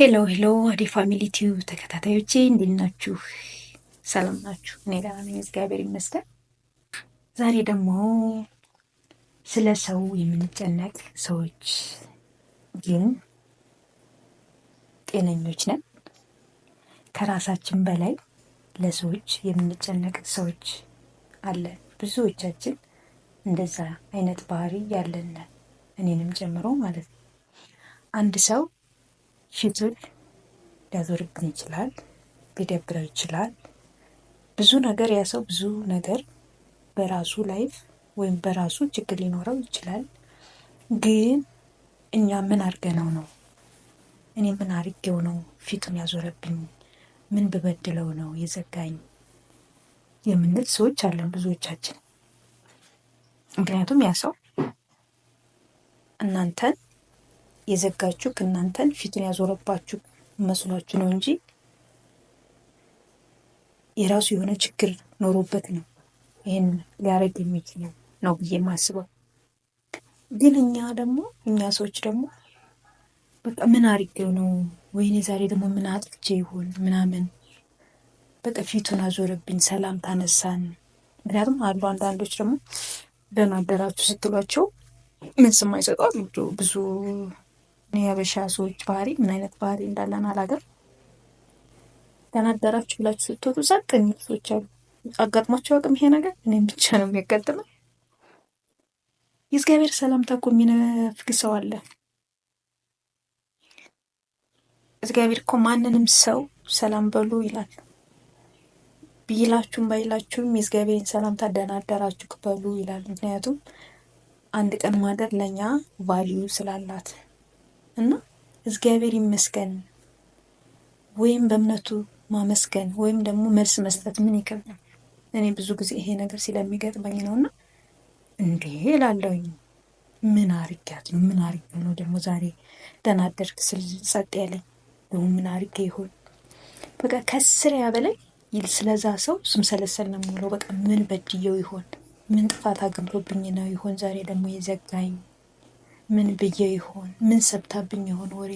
ሄሎ ሄሎ አዴ ፋሚሊ ቲዩብ ተከታታዮቼ እንዴት ናችሁ? ሰላም ናችሁ? እኔ ደህና ነኝ፣ እግዚአብሔር ይመስገን። ዛሬ ደግሞ ስለ ሰው የምንጨነቅ ሰዎች ግን ጤነኞች ነን፣ ከራሳችን በላይ ለሰዎች የምንጨነቅ ሰዎች አለን። ብዙዎቻችን እንደዛ አይነት ባህሪ ያለን እኔንም ጨምሮ ማለት ነው። አንድ ሰው ፊቱን ሊያዞርብን ይችላል፣ ሊደብረው ይችላል። ብዙ ነገር ያ ሰው ብዙ ነገር በራሱ ላይፍ ወይም በራሱ ችግር ሊኖረው ይችላል። ግን እኛ ምን አድርገነው ነው? እኔ ምን አድርጌው ነው ፊቱን ያዞረብኝ? ምን ብበድለው ነው የዘጋኝ? የምንል ሰዎች አለን ብዙዎቻችን። ምክንያቱም ያ ሰው እናንተን የዘጋችሁ እናንተን ፊቱን ያዞረባችሁ መስሏችሁ ነው እንጂ የራሱ የሆነ ችግር ኖሮበት ነው ይህን ሊያደርግ የሚችለው ነው ብዬ የማስበው። ግን እኛ ደግሞ እኛ ሰዎች ደግሞ በቃ ምን አድርጌው ነው ወይኔ ዛሬ ደግሞ ምን አጥቅቼ ይሆን ምናምን በቃ ፊቱን አዞረብኝ፣ ሰላም ታነሳን። ምክንያቱም አሉ አንዳንዶች ደግሞ ደህና አደራችሁ ስትሏቸው ስማ ይሰጧል ብዙ የሀበሻ ሰዎች ባህሪ ምን አይነት ባህሪ እንዳለን አላገር ተናደራችሁ ብላችሁ ስትወጡ ጸጥ የሚሉ ሰዎች አሉ። አጋጥሟቸው አቅም ይሄ ነገር እኔም ብቻ ነው የሚያጋጥመው። የእግዚአብሔር ሰላምታ እኮ የሚነፍግ ሰው አለ። እግዚአብሔር እኮ ማንንም ሰው ሰላም በሉ ይላል። ቢላችሁም ባይላችሁም የእግዚአብሔርን ሰላምታ ደህና አደራችሁ በሉ ይላል። ምክንያቱም አንድ ቀን ማደር ለእኛ ቫልዩ ስላላት እና እግዚአብሔር ይመስገን ወይም በእምነቱ ማመስገን ወይም ደግሞ መልስ መስጠት ምን ይከብዳል? እኔ ብዙ ጊዜ ይሄ ነገር ስለሚገጥመኝ ነው እና እንዴ ላለውኝ ምን አርጊያት ነው ምን አርጌ ነው ደግሞ ዛሬ ተናደድክ ስል ጸጥ ያለኝ ደግሞ ምን አርጌ ይሆን? በቃ ከስሪያ በላይ ስለዛ ሰው ስምሰለሰል ነው የምውለው። በቃ ምን በድየው ይሆን? ምን ጥፋት አግብቶብኝ ነው ይሆን? ዛሬ ደግሞ የዘጋኝ ምን ብዬ ይሆን? ምን ሰብታብኝ ይሆን ወሬ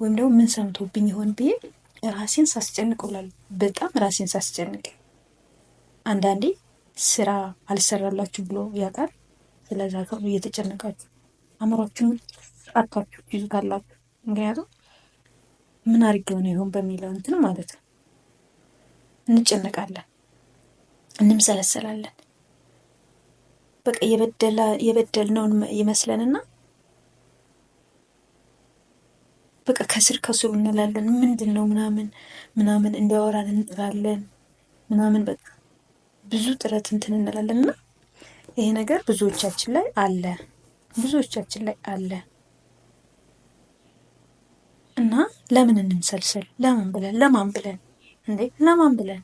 ወይም ደግሞ ምን ሰምቶብኝ ይሆን ብዬ ራሴን ሳስጨንቅ ውላል። በጣም ራሴን ሳስጨንቅ አንዳንዴ ስራ አልሰራላችሁ ብሎ ያውቃል። ስለዛ ከብሎ እየተጨነቃችሁ አእምሯችሁን አታችሁ ይዙታላችሁ። ምክንያቱም ምን አድርጌው ነው ይሆን በሚለው እንትን ማለት ነው። እንጨነቃለን፣ እንምሰለሰላለን። በቃ የበደልነውን ይመስለንና በቃ ከስር ከስሩ እንላለን። ምንድን ነው ምናምን ምናምን እንዲያወራን እንጥራለን ምናምን በቃ ብዙ ጥረት እንትን እንላለን እና ይሄ ነገር ብዙዎቻችን ላይ አለ፣ ብዙዎቻችን ላይ አለ እና ለምን እንንሰልሰል? ለማን ብለን ለማን ብለን እንዴ ለማን ብለን?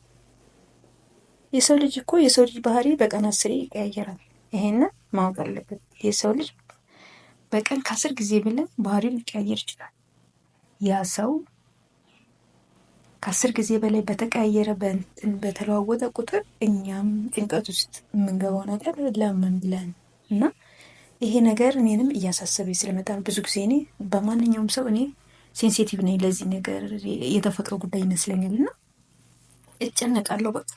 የሰው ልጅ እኮ የሰው ልጅ ባህሪ በቀን አስሬ ይቀያየራል። ይሄንን ማወቅ አለበት። የሰው ልጅ በቀን ከአስር ጊዜ ብለን ባህሪ ሊቀያየር ይችላል። ያ ሰው ከአስር ጊዜ በላይ በተቀያየረ በእንትን በተለዋወጠ ቁጥር እኛም ጭንቀት ውስጥ የምንገባው ነገር ለምን ብለን እና ይሄ ነገር እኔንም እያሳሰበ ስለመጣ ብዙ ጊዜ እኔ በማንኛውም ሰው እኔ ሴንሲቲቭ ነኝ ለዚህ ነገር የተፈጥሮ ጉዳይ ይመስለኛል እና እጨነቃለሁ። በቃ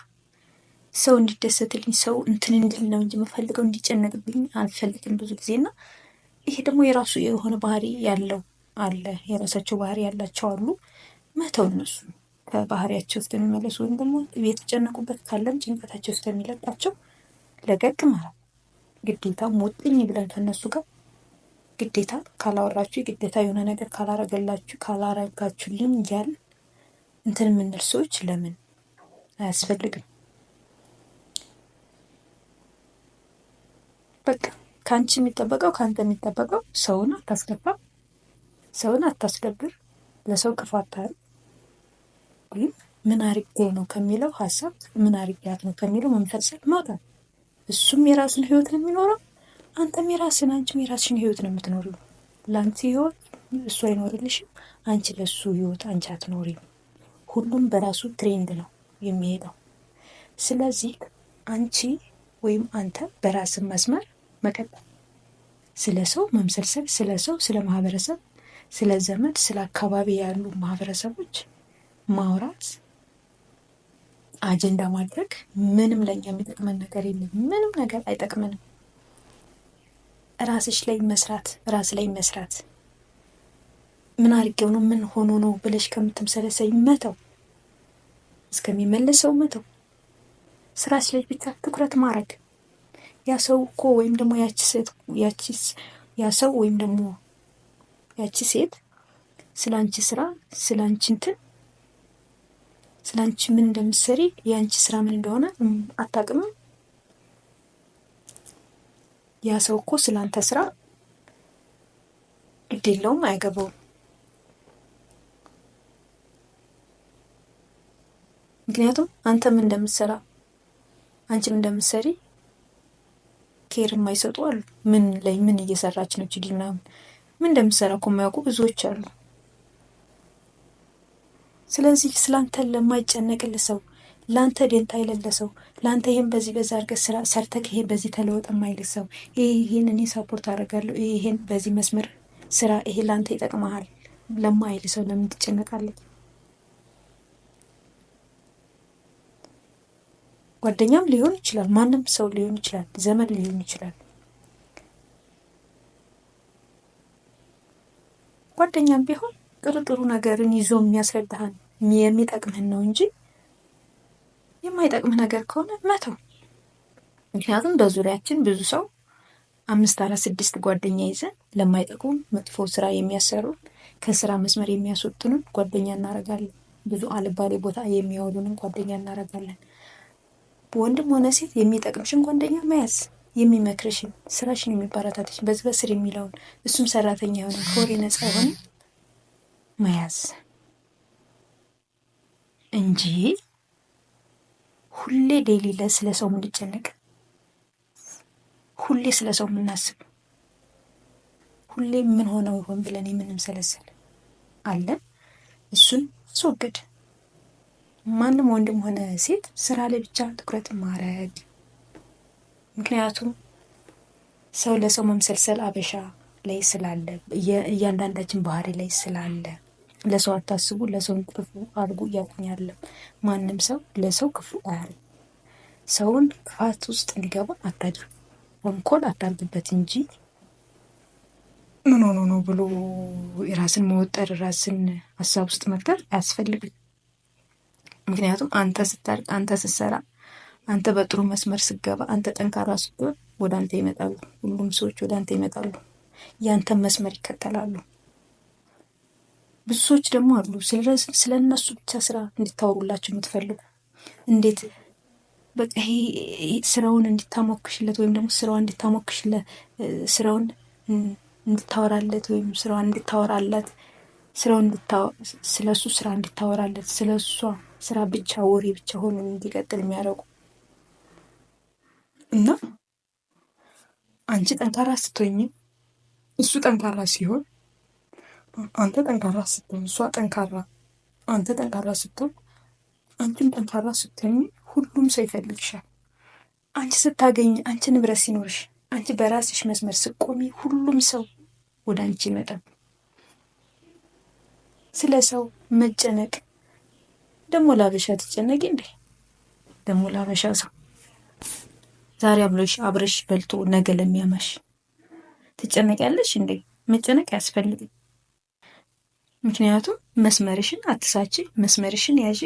ሰው እንዲደሰትልኝ ሰው እንትን እንድል ነው እንጂ የምፈልገው እንዲጨነቅብኝ አልፈልግም ብዙ ጊዜ እና ይሄ ደግሞ የራሱ የሆነ ባህሪ ያለው አለ። የራሳቸው ባህሪ ያላቸው አሉ። መተው እነሱ ከባህሪያቸው እስከሚመለሱ ወይም ደግሞ የተጨነቁበት ካለም ጭንቀታቸው እስከሚለቃቸው ለቀቅ ማለት ግዴታ ሞጥኝ ብለን ከነሱ ጋር ግዴታ ካላወራችሁ ግዴታ የሆነ ነገር ካላረገላችሁ ካላረጋችሁልኝ እያል እንትን የምንል ሰዎች ለምን አያስፈልግም። በቃ ከአንቺ የሚጠበቀው ከአንተ የሚጠበቀው ሰውን አታስገባም። ሰውን አታስደብር፣ ለሰው ክፋት ወይም ምን አርጌ ነው ከሚለው ሀሳብ ምን አርጌያት ነው ከሚለው መምፈልሰል ማውጣት። እሱም የራሱን ህይወት ነው የሚኖረው፣ አንተም የራስን አንቺም የራስሽን ህይወት ነው የምትኖሪው። ለአንቺ ህይወት እሱ አይኖርልሽም፣ አንቺ ለሱ ህይወት አንቺ አትኖሪም። ሁሉም በራሱ ትሬንድ ነው የሚሄደው። ስለዚህ አንቺ ወይም አንተ በራስን መስመር መቀጠል፣ ስለ ሰው መምሰልሰል፣ ስለ ሰው ስለ ማህበረሰብ ስለ ዘመድ፣ ስለ አካባቢ ያሉ ማህበረሰቦች ማውራት፣ አጀንዳ ማድረግ ምንም ለኛ የሚጠቅመን ነገር የለም። ምንም ነገር አይጠቅመንም። ራስሽ ላይ መስራት ራስ ላይ መስራት ምን አድርጌው ነው ምን ሆኖ ነው ብለሽ ከምትምሰለሰይ መተው፣ እስከሚመለሰው መተው፣ ስራሽ ላይ ብቻ ትኩረት ማድረግ ያ ሰው እኮ ወይም ደግሞ ያቺ ሴት ያ ሰው ወይም ደግሞ ያቺ ሴት ስለ አንቺ ስራ፣ ስለ አንቺ እንትን፣ ስለ አንቺ ምን እንደምትሰሪ የአንቺ ስራ ምን እንደሆነ አታውቅም። ያ ሰው እኮ ስለ አንተ ስራ ግድ የለውም፣ አያገባውም። ምክንያቱም አንተ ምን እንደምትሰራ አንቺ ምን እንደምትሰሪ ኬር የማይሰጡ አሉ። ምን ላይ ምን እየሰራች ነው ችዲ ምናምን ምን እንደምትሰራ እኮ የማያውቁ ብዙዎች አሉ። ስለዚህ ስላንተ ለማይጨነቅል ሰው፣ ለአንተ ደንታ የሌለ ሰው፣ ለአንተ ይህን በዚህ በዛ አርገ ስራ ሰርተ ይሄ በዚህ ተለወጠ የማይልህ ሰው፣ ይህን እኔ ሰፖርት አደርጋለሁ፣ ይሄን በዚህ መስመር ስራ፣ ይሄ ለአንተ ይጠቅመሃል ለማይል ሰው ለምን ትጨነቃለህ? ጓደኛም ሊሆን ይችላል፣ ማንም ሰው ሊሆን ይችላል፣ ዘመን ሊሆን ይችላል። ጓደኛም ቢሆን ጥሩ ጥሩ ነገርን ይዞ የሚያስረዳህን የሚጠቅምህን ነው እንጂ የማይጠቅምህ ነገር ከሆነ መተው። ምክንያቱም በዙሪያችን ብዙ ሰው አምስት አራት ስድስት ጓደኛ ይዘን ለማይጠቅሙን መጥፎ ስራ የሚያሰሩን ከስራ መስመር የሚያስወጥኑን ጓደኛ እናረጋለን። ብዙ አልባሌ ቦታ የሚያወሉንን ጓደኛ እናረጋለን። ወንድም ሆነ ሴት የሚጠቅምሽን ጓደኛ መያዝ የሚመክርሽን ስራሽን የሚባራታትሽ በዝበስር የሚለውን እሱም ሰራተኛ የሆነ ከወሬ ነፃ የሆነ መያዝ እንጂ ሁሌ ዴሊ ስለ ሰው የምንጨነቅ ሁሌ ስለ ሰው የምናስብ ሁሌ ምን ሆነው ይሆን ብለን የምንምሰለሰል አለን። እሱን አስወገድ። ማንም ወንድም ሆነ ሴት ስራ ላይ ብቻ ትኩረት ማረግ ምክንያቱም ሰው ለሰው መምሰልሰል አበሻ ላይ ስላለ እያንዳንዳችን ባህሪ ላይ ስላለ ለሰው አታስቡ፣ ለሰውን ክፉ አድርጉ እያቁኛለም። ማንም ሰው ለሰው ክፉ አያል። ሰውን ክፋት ውስጥ እንዲገባ አታድርግ፣ ወንኮል አታርግበት እንጂ ምን ሆኖ ነው ብሎ የራስን መወጠር ራስን ሀሳብ ውስጥ መክተር አያስፈልግም። ምክንያቱም አንተ ስታርግ፣ አንተ ስትሰራ አንተ በጥሩ መስመር ስገባ፣ አንተ ጠንካራ ስትሆን ወደ አንተ ይመጣሉ። ሁሉም ሰዎች ወደ አንተ ይመጣሉ፣ ያንተን መስመር ይከተላሉ። ብዙ ሰዎች ደግሞ አሉ ስለ እነሱ ብቻ ስራ እንድታወሩላቸው የምትፈልጉ እንዴት በቃ ይሄ ስራውን እንድታሞክሽለት ወይም ደግሞ ስራዋን እንድታሞክሽለት ስራውን እንድታወራለት ወይም ስራዋን እንድታወራለት ስራው ስለ እሱ ስራ እንድታወራለት ስለ እሷ ስራ ብቻ ወሬ ብቻ ሆኖ እንዲቀጥል የሚያደርጉ እና አንቺ ጠንካራ ስትሆኝ እሱ ጠንካራ ሲሆን አንተ ጠንካራ ስትሆን እሷ ጠንካራ አንተ ጠንካራ ስትሆን አንቺም ጠንካራ ስትሆኝ ሁሉም ሰው ይፈልግሻል። አንቺ ስታገኝ አንቺ ንብረት ሲኖርሽ አንቺ በራስሽ መስመር ስቆሚ ሁሉም ሰው ወደ አንቺ ይመጣል። ስለ ሰው መጨነቅ ደግሞ ላበሻ ትጨነቂ እንዴ? ደግሞ ላበሻ ሰው ዛሬ አብሎሽ አብረሽ በልቶ ነገ ለሚያመሽ ትጨነቂያለሽ እንዴ? መጨነቅ አያስፈልግም። ምክንያቱም መስመርሽን አትሳቺ፣ መስመርሽን ያዢ፣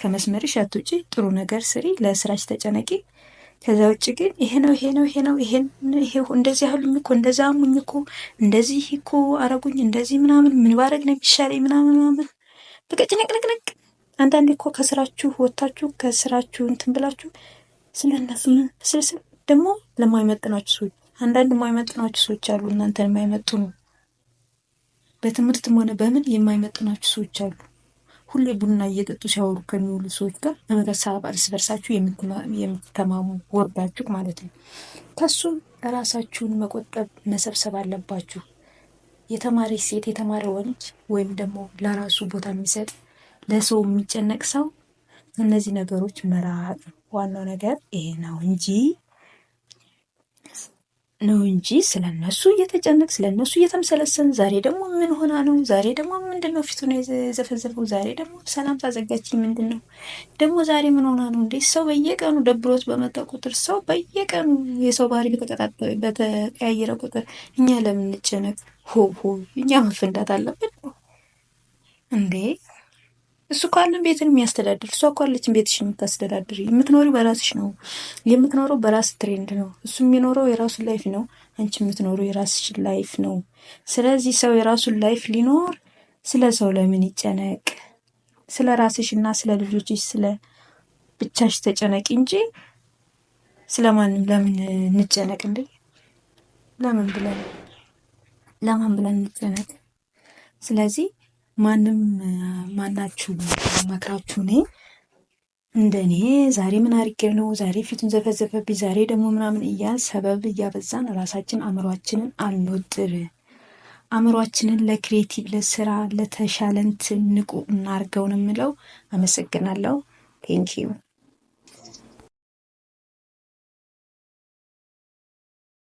ከመስመርሽ አትውጪ፣ ጥሩ ነገር ስሪ፣ ለስራች ተጨነቂ። ከዛ ውጭ ግን ይሄ ነው ይሄ ነው ይሄ ነው ይሄ እንደዚህ አሉኝ እኮ እንደዛ አሙኝ እኮ እንደዚህ እኮ አረጉኝ እንደዚህ ምናምን ምን ባረግ ነው የሚሻለኝ ምናምን ምናምን በቃ ጭንቅንቅንቅ። አንዳንዴ እኮ ከስራችሁ ወጥታችሁ ከስራችሁ እንትን ብላችሁ ስለ እነሱ ስልስል ደግሞ ለማይመጥናችሁ ሰዎች አንዳንድ የማይመጥናችሁ ሰዎች አሉ። እናንተን የማይመጥኑ በትምህርትም ሆነ በምን የማይመጥናችሁ ሰዎች አሉ። ሁሌ ቡና እየጠጡ ሲያወሩ ከሚውሉ ሰዎች ጋር በመሳብ እርስ በርሳችሁ የምትተማሙ ወርዳችሁ ማለት ነው። ከሱም ራሳችሁን መቆጠብ መሰብሰብ አለባችሁ። የተማረች ሴት የተማረ ወንድ ወይም ደግሞ ለራሱ ቦታ የሚሰጥ ለሰው የሚጨነቅ ሰው እነዚህ ነገሮች መራቅ ነው። ዋናው ነገር ይሄ ነው እንጂ ነው እንጂ ስለነሱ እየተጨነቅ ስለነሱ እየተመሰለሰን ዛሬ ደግሞ ምን ሆና ነው? ዛሬ ደግሞ ምንድን ነው ነው የዘፈዘፈው? ዛሬ ደግሞ ሰላም ታዘጋች ምንድን ነው ደግሞ ዛሬ ምን ሆና ነው? እንዴ ሰው በየቀኑ ደብሮት በመጣ ቁጥር ሰው በየቀኑ የሰው ባህሪ በተቀያየረ ቁጥር እኛ ለምንጨነቅ? ሆ ሆ እኛ መፍንዳት አለብን እንዴ? እሱ እኮ ቤትን የሚያስተዳድር እሷ እኮ ቤትሽ የምታስተዳድር የምትኖሪው በራስሽ ነው። የምትኖረው በራስ ትሬንድ ነው። እሱ የሚኖረው የራሱን ላይፍ ነው። አንቺ የምትኖረው የራስሽ ላይፍ ነው። ስለዚህ ሰው የራሱን ላይፍ ሊኖር ስለ ሰው ለምን ይጨነቅ? ስለ ራስሽ እና ስለ ልጆችሽ ስለ ብቻሽ ተጨነቂ እንጂ ስለ ማንም ለምን እንጨነቅ? እንዴ ለምን ብለን ለማን ብለን እንጨነቅ? ስለዚህ ማንም ማናችሁ መክራችሁ እኔ እንደኔ ዛሬ ምን አርጌ ነው ዛሬ ፊቱን ዘፈዘፈብኝ፣ ዛሬ ደግሞ ምናምን እያል ሰበብ እያበዛን ራሳችን አእምሯችንን አንወጥር። አእምሯችንን ለክሬቲቭ ለስራ ለተሻለንት እንትን ንቁ እናርገውን የምለው አመሰግናለሁ። ቴንኪዩ